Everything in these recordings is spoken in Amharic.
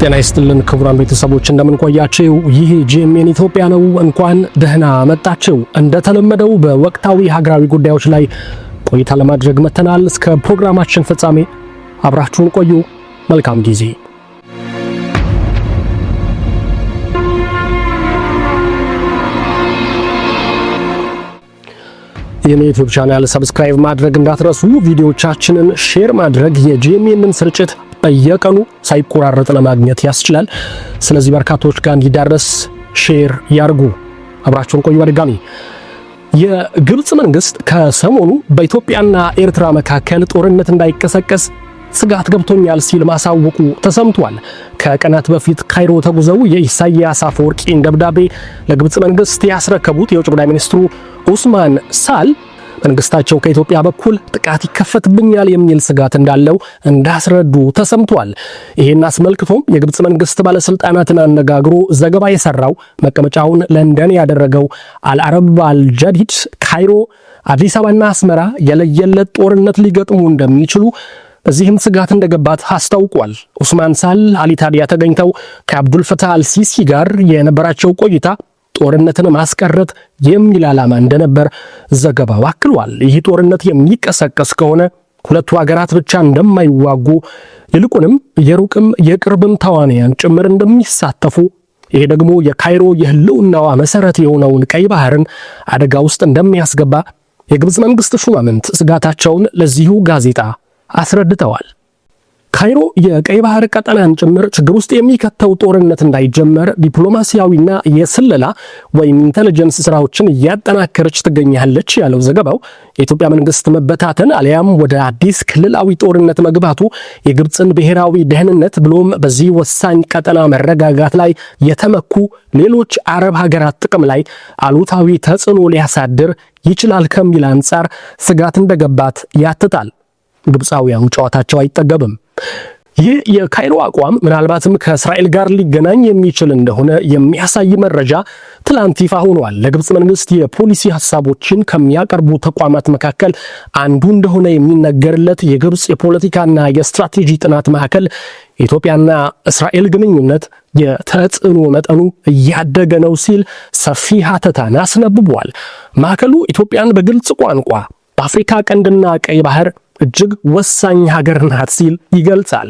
ጤና ይስጥልን ክቡራን ቤተሰቦች እንደምንቆያችው፣ ይህ ጂኤምኤን ኢትዮጵያ ነው። እንኳን ደህና መጣችው። እንደተለመደው በወቅታዊ ሀገራዊ ጉዳዮች ላይ ቆይታ ለማድረግ መተናል። እስከ ፕሮግራማችን ፍጻሜ አብራችሁን ቆዩ። መልካም ጊዜ። የኔ ዩቲዩብ ቻናል ሰብስክራይብ ማድረግ እንዳትረሱ፣ ቪዲዮዎቻችንን ሼር ማድረግ የጂኤምኤንን ስርጭት በየቀኑ ሳይቆራረጥ ለማግኘት ያስችላል። ስለዚህ በርካቶች ጋር እንዲዳረስ ሼር ያርጉ። አብራችሁን ቆዩ። በድጋሚ የግብፅ መንግስት ከሰሞኑ በኢትዮጵያና ኤርትራ መካከል ጦርነት እንዳይቀሰቀስ ስጋት ገብቶኛል ሲል ማሳወቁ ተሰምቷል። ከቀናት በፊት ካይሮ ተጉዘው የኢሳያስ አፈወርቂን ደብዳቤ ለግብፅ መንግስት ያስረከቡት የውጭ ጉዳይ ሚኒስትሩ ኡስማን ሳል መንግስታቸው ከኢትዮጵያ በኩል ጥቃት ይከፈትብኛል የሚል ስጋት እንዳለው እንዳስረዱ ተሰምቷል። ይህን አስመልክቶም የግብፅ መንግስት ባለስልጣናትን አነጋግሮ ዘገባ የሰራው መቀመጫውን ለንደን ያደረገው አልአረብ አልጀዲድ ካይሮ፣ አዲስ አበባና አስመራ የለየለት ጦርነት ሊገጥሙ እንደሚችሉ በዚህም ስጋት እንደገባት አስታውቋል። ኡስማን ሳል አሊታዲያ ተገኝተው ከአብዱልፈታህ አልሲሲ ጋር የነበራቸው ቆይታ ጦርነትን ማስቀረት የሚል ዓላማ እንደነበር ዘገባው አክሏል። ይህ ጦርነት የሚቀሰቀስ ከሆነ ሁለቱ ሀገራት ብቻ እንደማይዋጉ ይልቁንም የሩቅም የቅርብም ተዋንያን ጭምር እንደሚሳተፉ ይሄ ደግሞ የካይሮ የህልውናዋ መሰረት የሆነውን ቀይ ባህርን አደጋ ውስጥ እንደሚያስገባ የግብፅ መንግስት ሹማምንት ስጋታቸውን ለዚሁ ጋዜጣ አስረድተዋል። ካይሮ የቀይ ባህር ቀጠናን ጭምር ችግር ውስጥ የሚከተው ጦርነት እንዳይጀመር ዲፕሎማሲያዊና የስለላ ወይም ኢንተለጀንስ ስራዎችን እያጠናከረች ትገኛለች ያለው ዘገባው የኢትዮጵያ መንግስት መበታተን አሊያም ወደ አዲስ ክልላዊ ጦርነት መግባቱ የግብፅን ብሔራዊ ደህንነት ብሎም በዚህ ወሳኝ ቀጠና መረጋጋት ላይ የተመኩ ሌሎች አረብ ሀገራት ጥቅም ላይ አሉታዊ ተጽዕኖ ሊያሳድር ይችላል ከሚል አንጻር ስጋት እንደገባት ያትታል። ግብፃውያኑ ጨዋታቸው አይጠገብም። ይህ የካይሮ አቋም ምናልባትም ከእስራኤል ጋር ሊገናኝ የሚችል እንደሆነ የሚያሳይ መረጃ ትላንት ይፋ ሆኗል። ለግብፅ መንግስት የፖሊሲ ሀሳቦችን ከሚያቀርቡ ተቋማት መካከል አንዱ እንደሆነ የሚነገርለት የግብፅ የፖለቲካና የስትራቴጂ ጥናት ማዕከል የኢትዮጵያና እስራኤል ግንኙነት የተጽዕኖ መጠኑ እያደገ ነው ሲል ሰፊ ሀተታን አስነብቧል። ማዕከሉ ኢትዮጵያን በግልጽ ቋንቋ በአፍሪካ ቀንድና ቀይ ባህር እጅግ ወሳኝ ሀገር ናት ሲል ይገልጻል።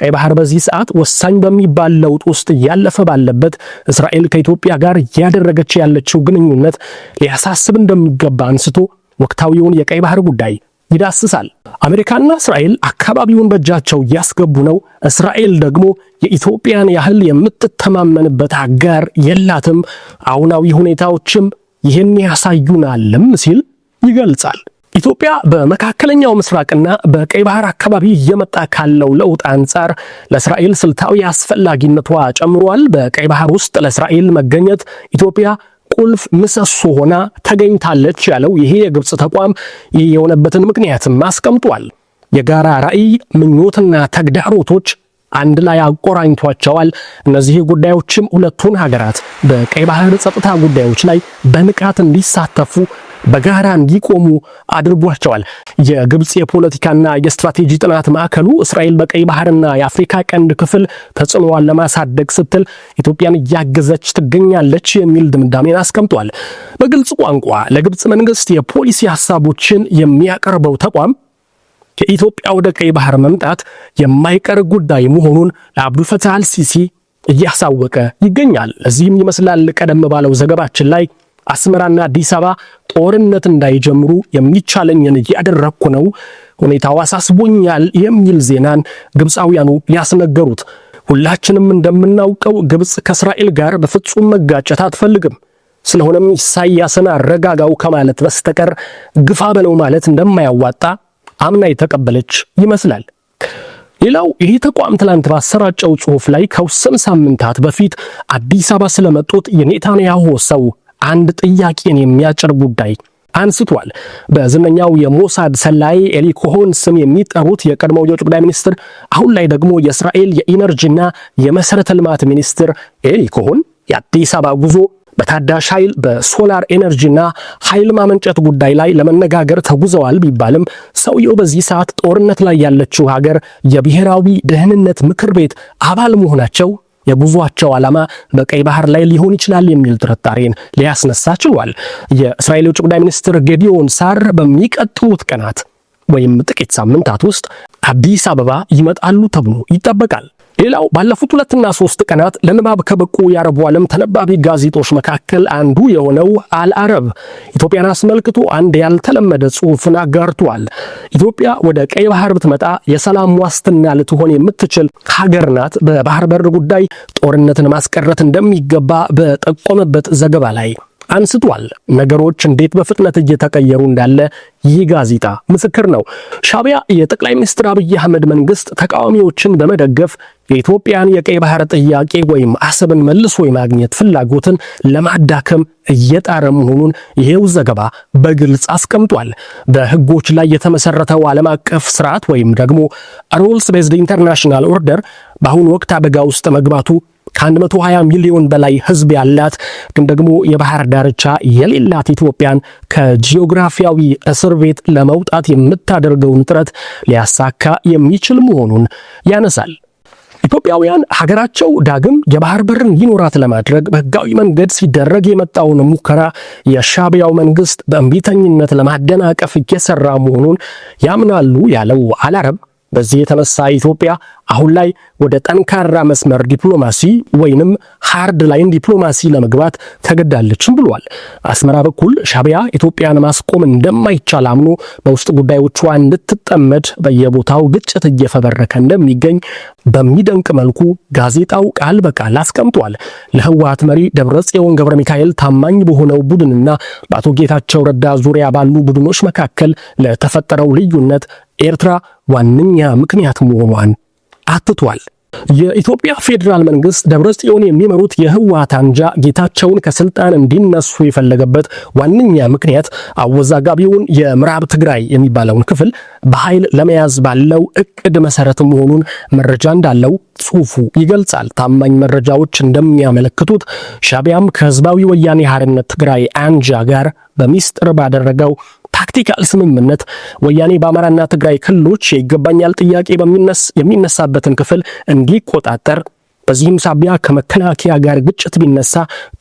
ቀይ ባህር በዚህ ሰዓት ወሳኝ በሚባል ለውጥ ውስጥ እያለፈ ባለበት እስራኤል ከኢትዮጵያ ጋር እያደረገች ያለችው ግንኙነት ሊያሳስብ እንደሚገባ አንስቶ ወቅታዊውን የቀይ ባህር ጉዳይ ይዳስሳል። አሜሪካና እስራኤል አካባቢውን በእጃቸው እያስገቡ ነው። እስራኤል ደግሞ የኢትዮጵያን ያህል የምትተማመንበት አጋር የላትም። አሁናዊ ሁኔታዎችም ይህን ያሳዩናልም ሲል ይገልጻል። ኢትዮጵያ በመካከለኛው ምስራቅና በቀይ ባህር አካባቢ እየመጣ ካለው ለውጥ አንጻር ለእስራኤል ስልታዊ አስፈላጊነቷ ጨምሯል። በቀይ ባህር ውስጥ ለእስራኤል መገኘት ኢትዮጵያ ቁልፍ ምሰሶ ሆና ተገኝታለች ያለው ይሄ የግብፅ ተቋም ይህ የሆነበትን ምክንያትም አስቀምጧል። የጋራ ራዕይ፣ ምኞትና ተግዳሮቶች አንድ ላይ አቆራኝቷቸዋል። እነዚህ ጉዳዮችም ሁለቱን ሀገራት በቀይ ባህር ጸጥታ ጉዳዮች ላይ በንቃት እንዲሳተፉ በጋራ እንዲቆሙ አድርጓቸዋል። የግብፅ የፖለቲካና የስትራቴጂ ጥናት ማዕከሉ እስራኤል በቀይ ባህርና የአፍሪካ ቀንድ ክፍል ተጽዕኖዋን ለማሳደግ ስትል ኢትዮጵያን እያገዘች ትገኛለች የሚል ድምዳሜን አስቀምጧል። በግልጽ ቋንቋ ለግብፅ መንግስት የፖሊሲ ሀሳቦችን የሚያቀርበው ተቋም ከኢትዮጵያ ወደ ቀይ ባህር መምጣት የማይቀር ጉዳይ መሆኑን ለአብዱልፈታህ አልሲሲ እያሳወቀ ይገኛል። እዚህም ይመስላል ቀደም ባለው ዘገባችን ላይ አስመራና አዲስ አበባ ጦርነት እንዳይጀምሩ የሚቻለኝን እያደረግኩ ነው፣ ሁኔታው አሳስቦኛል የሚል ዜናን ግብፃውያኑ ያስነገሩት። ሁላችንም እንደምናውቀው ግብፅ ከእስራኤል ጋር በፍጹም መጋጨት አትፈልግም። ስለሆነም ኢሳያስን አረጋጋው ከማለት በስተቀር ግፋ በለው ማለት እንደማያዋጣ አምና የተቀበለች ይመስላል። ሌላው ይህ ተቋም ትላንት ባሰራጨው ጽሑፍ ላይ ከውስን ሳምንታት በፊት አዲስ አበባ ስለመጡት የኔታንያሁ ሰው አንድ ጥያቄን የሚያጭር ጉዳይ አንስቷል። በዝነኛው የሞሳድ ሰላይ ኤሊ ኮሆን ስም የሚጠሩት የቀድሞው የውጭ ጉዳይ ሚኒስትር አሁን ላይ ደግሞ የእስራኤል የኢነርጂና የመሰረተ ልማት ሚኒስትር ኤሊ ኮሆን የአዲስ አበባ ጉዞ በታዳሽ ኃይል በሶላር ኤነርጂና ኃይል ማመንጨት ጉዳይ ላይ ለመነጋገር ተጉዘዋል ቢባልም ሰውየው በዚህ ሰዓት ጦርነት ላይ ያለችው ሀገር የብሔራዊ ደህንነት ምክር ቤት አባል መሆናቸው የጉዟቸው ዓላማ በቀይ ባህር ላይ ሊሆን ይችላል የሚል ጥርጣሬን ሊያስነሳ ችሏል። የእስራኤል የውጭ ጉዳይ ሚኒስትር ጌዲዮን ሳር በሚቀጥሉት ቀናት ወይም ጥቂት ሳምንታት ውስጥ አዲስ አበባ ይመጣሉ ተብሎ ይጠበቃል። ሌላው ባለፉት ሁለትና ሶስት ቀናት ለንባብ ከበቁ የአረቡ ዓለም ተነባቢ ጋዜጦች መካከል አንዱ የሆነው አልአረብ ኢትዮጵያን አስመልክቶ አንድ ያልተለመደ ጽሑፍን አጋርቷል። ኢትዮጵያ ወደ ቀይ ባህር ብትመጣ የሰላም ዋስትና ልትሆን የምትችል ሀገር ናት፣ በባህር በር ጉዳይ ጦርነትን ማስቀረት እንደሚገባ በጠቆመበት ዘገባ ላይ አንስቷል። ነገሮች እንዴት በፍጥነት እየተቀየሩ እንዳለ ይህ ጋዜጣ ምስክር ነው። ሻቢያ የጠቅላይ ሚኒስትር አብይ አህመድ መንግስት ተቃዋሚዎችን በመደገፍ የኢትዮጵያን የቀይ ባህር ጥያቄ ወይም አሰብን መልሶ የማግኘት ፍላጎትን ለማዳከም እየጣረ መሆኑን ይሄው ዘገባ በግልጽ አስቀምጧል። በህጎች ላይ የተመሰረተው ዓለም አቀፍ ስርዓት ወይም ደግሞ ሩልስ ቤዝድ ኢንተርናሽናል ኦርደር በአሁኑ ወቅት አደጋ ውስጥ መግባቱ ከ120 ሚሊዮን በላይ ህዝብ ያላት ግን ደግሞ የባህር ዳርቻ የሌላት ኢትዮጵያን ከጂኦግራፊያዊ እስር ቤት ለመውጣት የምታደርገውን ጥረት ሊያሳካ የሚችል መሆኑን ያነሳል። ኢትዮጵያውያን ሀገራቸው ዳግም የባህር በርን ይኖራት ለማድረግ በህጋዊ መንገድ ሲደረግ የመጣውን ሙከራ የሻቢያው መንግስት በእምቢተኝነት ለማደናቀፍ እየሰራ መሆኑን ያምናሉ ያለው አላረብ በዚህ የተነሳ ኢትዮጵያ አሁን ላይ ወደ ጠንካራ መስመር ዲፕሎማሲ ወይንም ሃርድ ላይን ዲፕሎማሲ ለመግባት ተገዳለችም ብሏል። አስመራ በኩል ሻቢያ ኢትዮጵያን ማስቆም እንደማይቻል አምኖ በውስጥ ጉዳዮቿ እንድትጠመድ በየቦታው ግጭት እየፈበረከ እንደሚገኝ በሚደንቅ መልኩ ጋዜጣው ቃል በቃል አስቀምጧል። ለህወሓት መሪ ደብረጽዮን ገብረ ሚካኤል ታማኝ በሆነው ቡድንና በአቶ ጌታቸው ረዳ ዙሪያ ባሉ ቡድኖች መካከል ለተፈጠረው ልዩነት ኤርትራ ዋነኛ ምክንያት መሆኗን አትቷል። የኢትዮጵያ ፌዴራል መንግስት ደብረ ጽዮን የሚመሩት የህወሓት አንጃ ጌታቸውን ከስልጣን እንዲነሱ የፈለገበት ዋነኛ ምክንያት አወዛጋቢውን የምዕራብ ትግራይ የሚባለውን ክፍል በኃይል ለመያዝ ባለው እቅድ መሰረት መሆኑን መረጃ እንዳለው ጽሑፉ ይገልጻል። ታማኝ መረጃዎች እንደሚያመለክቱት ሻቢያም ከህዝባዊ ወያኔ ሓርነት ትግራይ አንጃ ጋር በሚስጥር ባደረገው ታክቲካል ስምምነት ወያኔ በአማራና ትግራይ ክልሎች የይገባኛል ጥያቄ የሚነሳበትን ክፍል እንዲቆጣጠር በዚህም ሳቢያ ከመከላከያ ጋር ግጭት ቢነሳ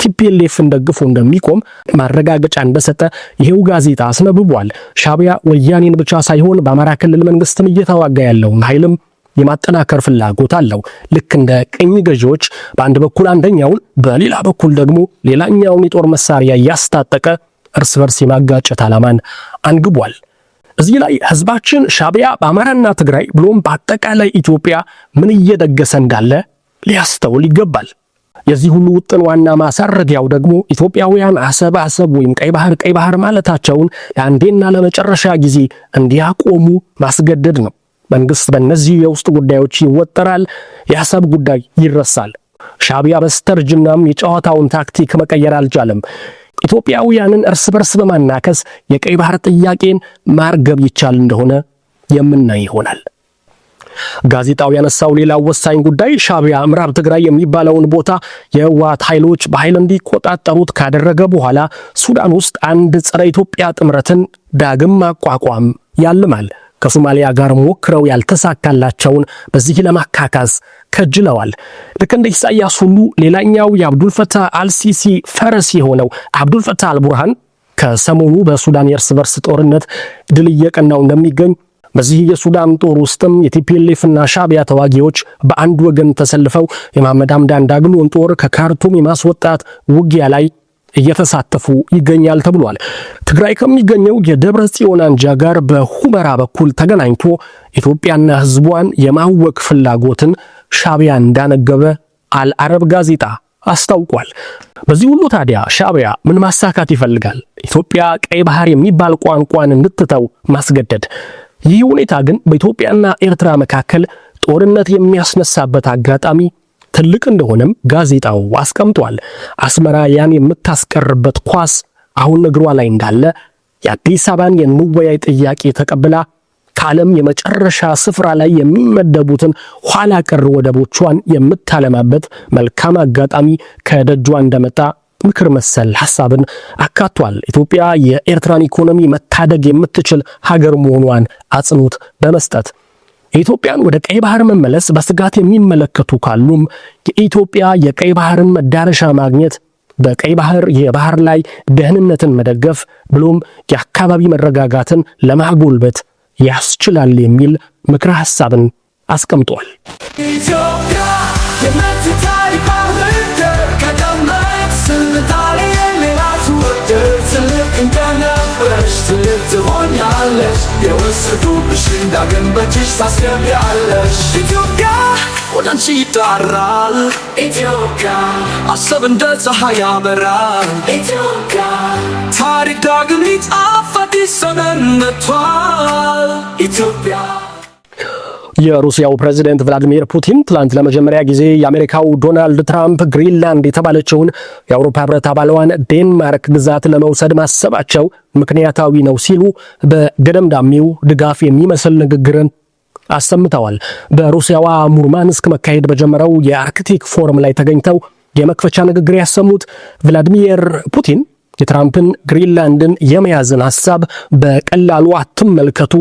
ቲፒኤልኤፍን ደግፎ እንደሚቆም ማረጋገጫ እንደሰጠ ይሄው ጋዜጣ አስነብቧል። ሻቢያ ወያኔን ብቻ ሳይሆን በአማራ ክልል መንግስትም እየተዋጋ ያለውን ኃይልም የማጠናከር ፍላጎት አለው። ልክ እንደ ቅኝ ገዢዎች በአንድ በኩል አንደኛውን፣ በሌላ በኩል ደግሞ ሌላኛውን የጦር መሳሪያ እያስታጠቀ እርስ በርስ የማጋጨት ዓላማን አንግቧል። እዚህ ላይ ህዝባችን ሻቢያ በአማራና ትግራይ ብሎም በአጠቃላይ ኢትዮጵያ ምን እየደገሰ እንዳለ ሊያስተውል ይገባል። የዚህ ሁሉ ውጥን ዋና ማሳረጊያው ደግሞ ኢትዮጵያውያን አሰብ አሰብ ወይም ቀይ ባህር ቀይ ባህር ማለታቸውን ለአንዴና ለመጨረሻ ጊዜ እንዲያቆሙ ማስገደድ ነው። መንግስት በእነዚህ የውስጥ ጉዳዮች ይወጠራል፣ የአሰብ ጉዳይ ይረሳል። ሻቢያ በስተርጅናም የጨዋታውን ታክቲክ መቀየር አልቻለም። ኢትዮጵያውያንን እርስ በርስ በማናከስ የቀይ ባህር ጥያቄን ማርገብ ይቻል እንደሆነ የምናይ ይሆናል። ጋዜጣው ያነሳው ሌላው ወሳኝ ጉዳይ ሻቢያ ምዕራብ ትግራይ የሚባለውን ቦታ የህወሓት ኃይሎች በኃይል እንዲቆጣጠሩት ካደረገ በኋላ ሱዳን ውስጥ አንድ ጸረ ኢትዮጵያ ጥምረትን ዳግም ማቋቋም ያልማል። ከሶማሊያ ጋር ሞክረው ያልተሳካላቸውን በዚህ ለማካካስ ከጅለዋል። ልክ እንደ ኢሳያስ ሁሉ ሌላኛው የአብዱልፈታህ አልሲሲ ፈረስ የሆነው አብዱልፈታህ አልቡርሃን ከሰሞኑ በሱዳን የእርስ በርስ ጦርነት ድል እየቀናው እንደሚገኝ በዚህ የሱዳን ጦር ውስጥም የቲፒኤልኤፍና ሻቢያ ተዋጊዎች በአንድ ወገን ተሰልፈው የመሐመድ ሐምዳን ዳግሎን ጦር ከካርቱም የማስወጣት ውጊያ ላይ እየተሳተፉ ይገኛል ተብሏል። ትግራይ ከሚገኘው የደብረ ጽዮን አንጃ ጋር በሁመራ በኩል ተገናኝቶ ኢትዮጵያና ሕዝቧን የማወክ ፍላጎትን ሻቢያ እንዳነገበ አልአረብ ጋዜጣ አስታውቋል። በዚህ ሁሉ ታዲያ ሻቢያ ምን ማሳካት ይፈልጋል? ኢትዮጵያ ቀይ ባህር የሚባል ቋንቋን እንድትተው ማስገደድ። ይህ ሁኔታ ግን በኢትዮጵያና ኤርትራ መካከል ጦርነት የሚያስነሳበት አጋጣሚ ትልቅ እንደሆነም ጋዜጣው አስቀምጧል። አስመራ ያን የምታስቀርበት ኳስ አሁን እግሯ ላይ እንዳለ የአዲስ አበባን የንወያይ ጥያቄ ተቀብላ ከዓለም የመጨረሻ ስፍራ ላይ የሚመደቡትን ኋላ ቀር ወደቦቿን የምታለማበት መልካም አጋጣሚ ከደጇ እንደመጣ ምክር መሰል ሐሳብን አካቷል። ኢትዮጵያ የኤርትራን ኢኮኖሚ መታደግ የምትችል ሀገር መሆኗን አጽንኦት በመስጠት ኢትዮጵያን ወደ ቀይ ባህር መመለስ በስጋት የሚመለከቱ ካሉም የኢትዮጵያ የቀይ ባህርን መዳረሻ ማግኘት በቀይ ባህር የባህር ላይ ደህንነትን መደገፍ ብሎም የአካባቢ መረጋጋትን ለማጎልበት ያስችላል የሚል ምክረ ሐሳብን አስቀምጧል። ስጡብሽ ኢትዮጵያ ወደ አንቺ አሰብ እንደ ፀሐይ ያበራል ኢትዮጵያ ታሪክ ዳግም የሩሲያው ፕሬዚደንት ቭላዲሚር ፑቲን ትላንት ለመጀመሪያ ጊዜ የአሜሪካው ዶናልድ ትራምፕ ግሪንላንድ የተባለችውን የአውሮፓ ህብረት አባሏን ዴንማርክ ግዛት ለመውሰድ ማሰባቸው ምክንያታዊ ነው ሲሉ በገደምዳሚው ድጋፍ የሚመስል ንግግርን አሰምተዋል። በሩሲያዋ ሙርማንስክ መካሄድ በጀመረው የአርክቲክ ፎረም ላይ ተገኝተው የመክፈቻ ንግግር ያሰሙት ቭላዲሚር ፑቲን የትራምፕን ግሪንላንድን የመያዝን ሀሳብ በቀላሉ አትመልከቱ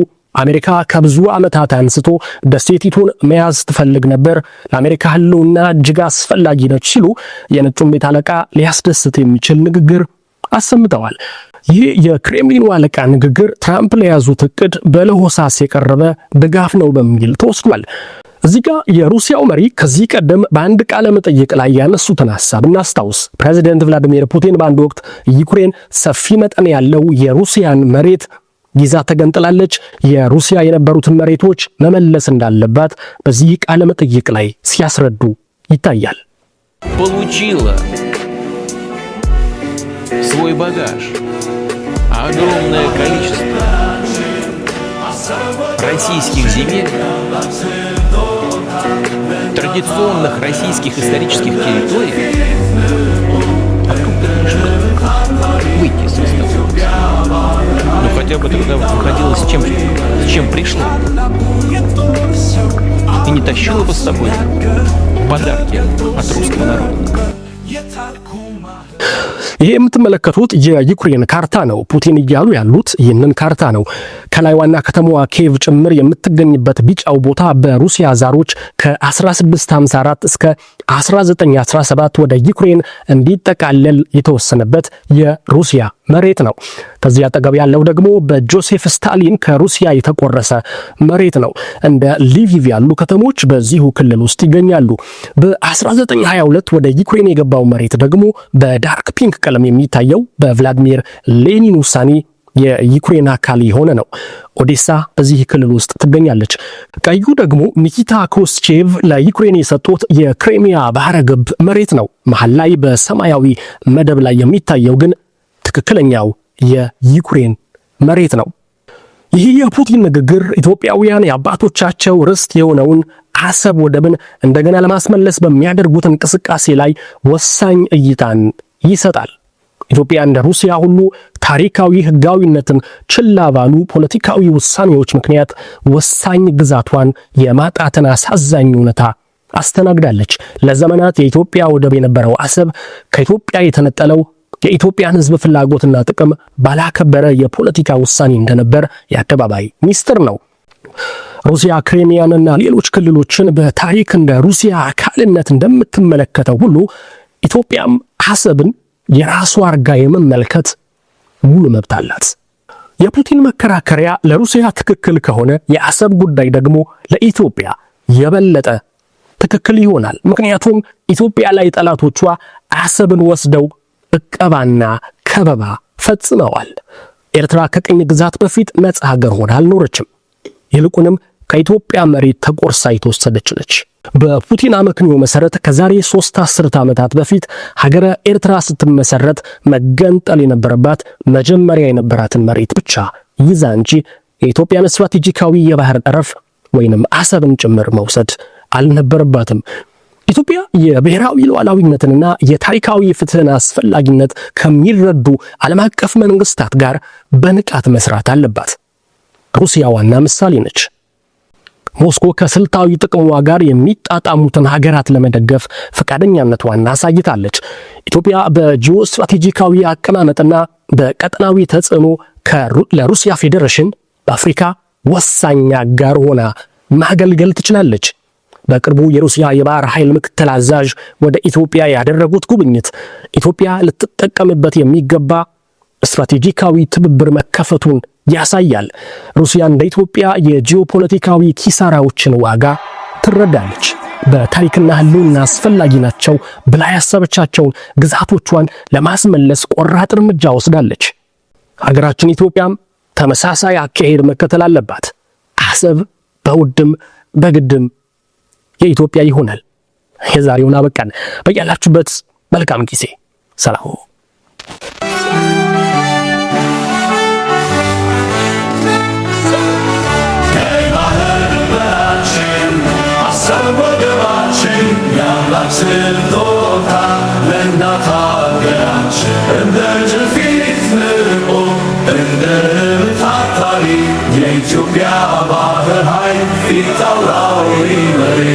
አሜሪካ ከብዙ ዓመታት አንስቶ ደሴቲቱን መያዝ ትፈልግ ነበር፣ ለአሜሪካ ህልውና እጅግ አስፈላጊ ነች ሲሉ የነጩን ቤት አለቃ ሊያስደስት የሚችል ንግግር አሰምተዋል። ይህ የክሬምሊኑ አለቃ ንግግር ትራምፕ ለያዙት እቅድ በለሆሳስ የቀረበ ድጋፍ ነው በሚል ተወስዷል። እዚህ ጋር የሩሲያው መሪ ከዚህ ቀደም በአንድ ቃለ መጠይቅ ላይ ያነሱትን ሐሳብ እናስታውስ። ፕሬዚደንት ቭላዲሚር ፑቲን በአንድ ወቅት ዩክሬን ሰፊ መጠን ያለው የሩሲያን መሬት ጊዛ ተገንጥላለች፣ የሩሲያ የነበሩትን መሬቶች መመለስ እንዳለባት በዚህ ቃለ መጠይቅ ላይ ሲያስረዱ ይታያል። традиционных российских исторических территорий, откуда выйти из Ростовской Ну хотя бы тогда вот выходила с чем, с чем пришла. И не тащила бы с собой подарки от русского народа. ይህ የምትመለከቱት የዩክሬን ካርታ ነው። ፑቲን እያሉ ያሉት ይህንን ካርታ ነው። ከላይ ዋና ከተማዋ ኬቭ ጭምር የምትገኝበት ቢጫው ቦታ በሩሲያ ዛሮች ከ1654 እስከ 1917 ወደ ዩክሬን እንዲጠቃለል የተወሰነበት የሩሲያ መሬት ነው። ከዚህ አጠገብ ያለው ደግሞ በጆሴፍ ስታሊን ከሩሲያ የተቆረሰ መሬት ነው። እንደ ሊቪቭ ያሉ ከተሞች በዚሁ ክልል ውስጥ ይገኛሉ። በ1922 ወደ ዩክሬን የገባው መሬት ደግሞ በዳርክ ፒንክ ቀለም የሚታየው በቭላድሚር ሌኒን ውሳኔ የዩክሬን አካል የሆነ ነው። ኦዴሳ በዚህ ክልል ውስጥ ትገኛለች። ቀዩ ደግሞ ኒኪታ ኮስቼቭ ለዩክሬን የሰጡት የክሬሚያ ባህረ ገብ መሬት ነው። መሀል ላይ በሰማያዊ መደብ ላይ የሚታየው ግን ትክክለኛው የዩክሬን መሬት ነው። ይህ የፑቲን ንግግር ኢትዮጵያውያን የአባቶቻቸው ርስት የሆነውን አሰብ ወደብን እንደገና ለማስመለስ በሚያደርጉት እንቅስቃሴ ላይ ወሳኝ እይታን ይሰጣል። ኢትዮጵያ እንደ ሩሲያ ሁሉ ታሪካዊ ሕጋዊነትን ችላ ባሉ ፖለቲካዊ ውሳኔዎች ምክንያት ወሳኝ ግዛቷን የማጣትን አሳዛኝ እውነታ አስተናግዳለች። ለዘመናት የኢትዮጵያ ወደብ የነበረው አሰብ ከኢትዮጵያ የተነጠለው የኢትዮጵያን ህዝብ ፍላጎትና ጥቅም ባላከበረ የፖለቲካ ውሳኔ እንደነበር የአደባባይ ሚስጥር ነው። ሩሲያ ክሬሚያንና ሌሎች ክልሎችን በታሪክ እንደ ሩሲያ አካልነት እንደምትመለከተው ሁሉ ኢትዮጵያም አሰብን የራሱ አርጋ የመመልከት ሙሉ መብት አላት። የፑቲን መከራከሪያ ለሩሲያ ትክክል ከሆነ የአሰብ ጉዳይ ደግሞ ለኢትዮጵያ የበለጠ ትክክል ይሆናል። ምክንያቱም ኢትዮጵያ ላይ ጠላቶቿ አሰብን ወስደው እቀባና ከበባ ፈጽመዋል። ኤርትራ ከቅኝ ግዛት በፊት ነጻ ሀገር ሆና አልኖረችም። ይልቁንም ከኢትዮጵያ መሬት ተቆርሳ የተወሰደች ነች። በፑቲን አመክንዮ መሰረት ከዛሬ ሶስት አስርት ዓመታት በፊት ሀገረ ኤርትራ ስትመሰረት መገንጠል የነበረባት መጀመሪያ የነበራትን መሬት ብቻ ይዛ እንጂ የኢትዮጵያን ስትራቴጂካዊ የባህር ጠረፍ ወይንም አሰብን ጭምር መውሰድ አልነበረባትም። ኢትዮጵያ የብሔራዊ ሉዓላዊነትንና የታሪካዊ ፍትህን አስፈላጊነት ከሚረዱ ዓለም አቀፍ መንግስታት ጋር በንቃት መስራት አለባት። ሩሲያ ዋና ምሳሌ ነች። ሞስኮ ከስልታዊ ጥቅሟ ጋር የሚጣጣሙትን ሀገራት ለመደገፍ ፈቃደኛነቷን አሳይታለች። ኢትዮጵያ በጂኦ ስትራቴጂካዊ አቀማመጥና በቀጠናዊ ተጽዕኖ ለሩሲያ ፌዴሬሽን በአፍሪካ ወሳኝ አጋር ሆና ማገልገል ትችላለች። በቅርቡ የሩሲያ የባህር ኃይል ምክትል አዛዥ ወደ ኢትዮጵያ ያደረጉት ጉብኝት ኢትዮጵያ ልትጠቀምበት የሚገባ ስትራቴጂካዊ ትብብር መከፈቱን ያሳያል። ሩሲያ እንደ ኢትዮጵያ የጂኦፖለቲካዊ ኪሳራዎችን ዋጋ ትረዳለች። በታሪክና ሕልውና አስፈላጊ ናቸው ብላ ያሰበቻቸውን ግዛቶቿን ለማስመለስ ቆራጥ እርምጃ ወስዳለች። ሀገራችን ኢትዮጵያም ተመሳሳይ አካሄድ መከተል አለባት። አሰብ በውድም በግድም የኢትዮጵያ ይሆናል። የዛሬውን አበቃን። በያላችሁበት መልካም ጊዜ ሰላም ስጦታ ለእናት ሀገራችን እንደ እንደ የኢትዮጵያ ባህር ኃይል ፊታውራው መሪ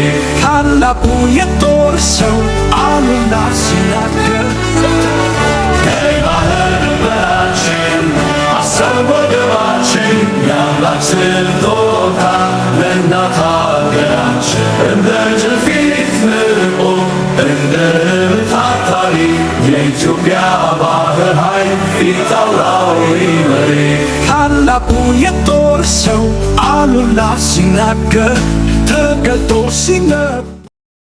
ታላቁ የጦር ሰው አሉና ሲናገር ቀይ ባህር ድንበራችን አሰብ ወደባችን የአምላክ ስጦታ ለእናት ሀገራችን እንደ ጅል ምርቆ እንደ ርብ የኢትዮጵያ ባህር ፊታውራዊ መሪ ታላቁ የጦር ሰው አሉላ ሲናገር ተገልጦ ሲነብ